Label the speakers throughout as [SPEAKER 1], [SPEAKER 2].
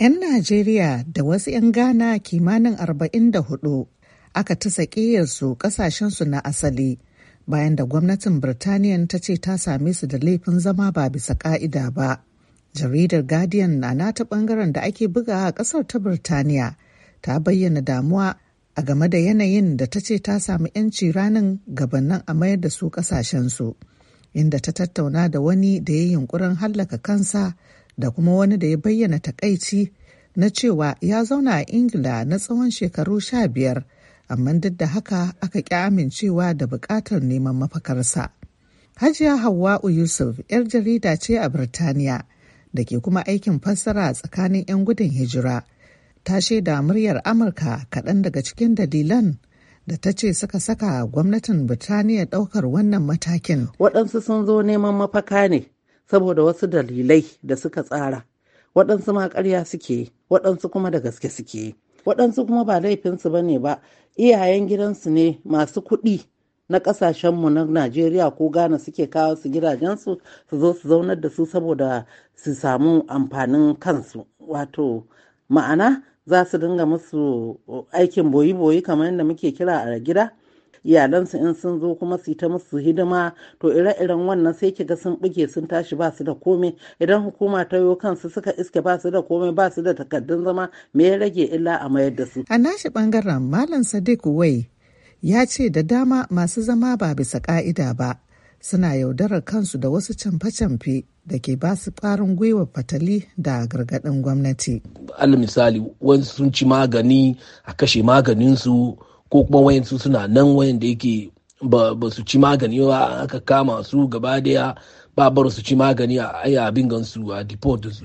[SPEAKER 1] 'Yan Najeriya da wasu 'yan Ghana kimanin 44 aka ta sakiyarsu kasashensu na asali bayan da gwamnatin Birtaniya ta ce ta same su da laifin zama ba bisa ƙa'ida ba. Jaridar Guardian na nata ɓangaren da ake buga a kasar ta Birtaniya ta bayyana damuwa a game da yanayin da ta ce ta samu 'yanci ranin gabanin a mayar da su kasashensu inda ta tattauna da wani da ya yunkurin hallaka kansa da kuma wani da ya bayyana takaici na cewa ya zauna a ingila na tsawon shekaru sha biyar amma duk da haka aka ƙi amincewa da buƙatar neman mafakarsa hajiya hawa'u yusuf 'yar jarida ce a birtaniya da ke kuma aikin fassara tsakanin 'yan gudun hijira ta shaida muryar amurka kaɗan daga cikin dalilan da ta ce suka saka gwamnatin birtaniya ɗaukar wannan matakin
[SPEAKER 2] waɗansu sun zo neman mafaka ne saboda wasu dalilai da suka tsara waɗansu ma ƙarya suke waɗansu kuma da gaske suke waɗansu kuma ba laifinsu ba ne ba iyayen gidansu ne masu kuɗi na ƙasashenmu na najeriya ko ghana suke kawo su gidajensu su zo su zaunar da su saboda su samu amfanin kansu wato ma'ana za su dinga musu aikin boyi-boyi kamar yadda muke kira a gida iyalansu in sun zo kuma su ta musu hidima to ire-iren wannan sai ga sun buge sun tashi ba su da komai idan hukuma ta yo kansu suka iske ba su da komai ba su da takardun zama me ya rage illa a mayar da su
[SPEAKER 1] a nashi bangaren malam sadiq wai ya ce da dama masu zama ba bisa ka'ida ba suna yaudarar kansu da wasu canfe-canfe da ke ba su ƙarin gwiwa fatali da gargaɗin gwamnati.
[SPEAKER 3] Al misali, wani sun ci magani a kashe maganinsu ko kuma wayansu suna nan wayan da yake ba su ci magani ba aka kama su gaba daya ba bar su ci magani a abin gansu a deport su.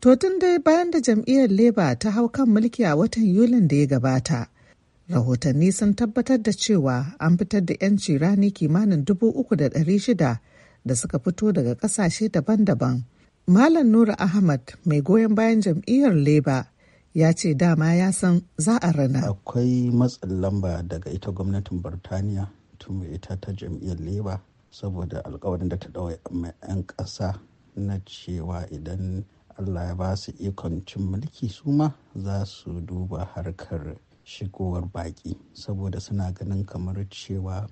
[SPEAKER 1] To tun dai bayan da jam'iyyar Labour ta hau kan mulki a watan Yulin da ya gabata. Rahotanni sun tabbatar da cewa an fitar da 'yanci rani kimanin dubu uku da ɗari shida da suka fito daga ƙasashe daban-daban. Malam Nura Ahmad mai goyon bayan jam'iyyar Labour ya ce dama ya san za a rana. Akwai matsin lamba
[SPEAKER 3] daga ita gwamnatin Birtaniya tun ita ta jam'iyyar leba saboda alkawarin da ta ɗaure mai 'yan ƙasa na cewa idan Allah ya ba su ikon cin mulki su ma za su duba harkar shigowar baƙi saboda suna ganin kamar cewa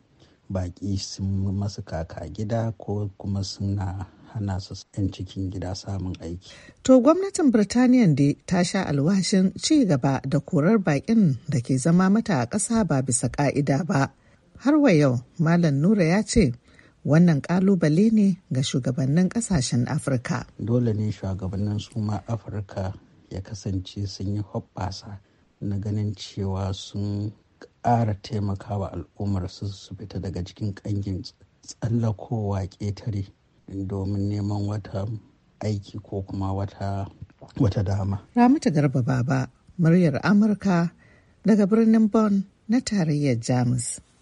[SPEAKER 3] baƙi sun masu kaka gida ko kuma suna ana su cikin gida samun aiki.
[SPEAKER 1] To gwamnatin Birtaniya da ta sha alwashin ci gaba da korar baƙin da ke zama mata a ƙasa ba bisa ƙa'ida ba. Har wa yau Malam Nura ya ce wannan ƙalubale ne ga shugabannin ƙasashen Afirka. Dole ne shugabannin suma Afirka
[SPEAKER 3] ya kasance sun yi hoɓɓasa na ganin cewa sun ƙara taimakawa al'ummar su su fita daga cikin ƙangin tsallakowa ƙetare domin neman wata aiki ko kuma wata wata dama.
[SPEAKER 1] Ramata Garba Baba, muryar Amurka daga birnin Bonn na tarayyar Jamus.